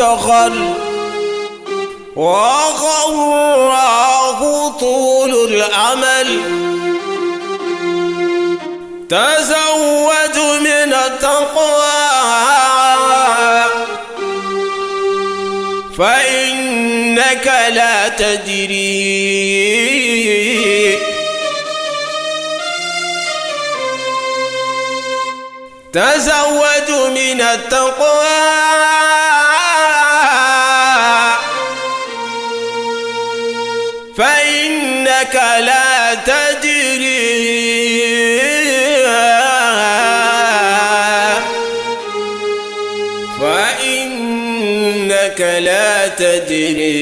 اشتغل وغره طول الأمل تزود من التقوى فإنك لا تدري تزود من التقوى إنك لا تدري فإنك لا تدري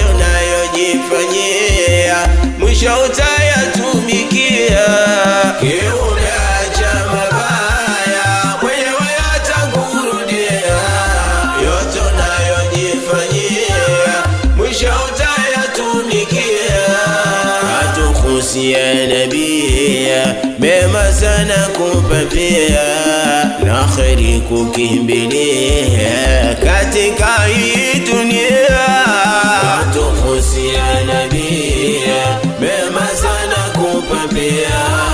yote unayojifanyia mwisho utayatumikia. Umeacha mabaya mwenyewe atakurudia, yote unayojifanyia mwisho utayatumikia. Hatukusia nabia mema sana kupapia na kheri kukimbilia katika hii kukwambia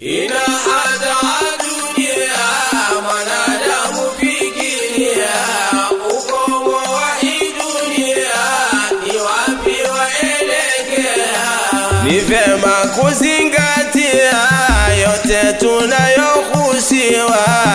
ina hata dunia mwanadamu fikiria ukomo wa hii dunia ni wapi waelekea ni vema kuzingatia yote tunayohusiwa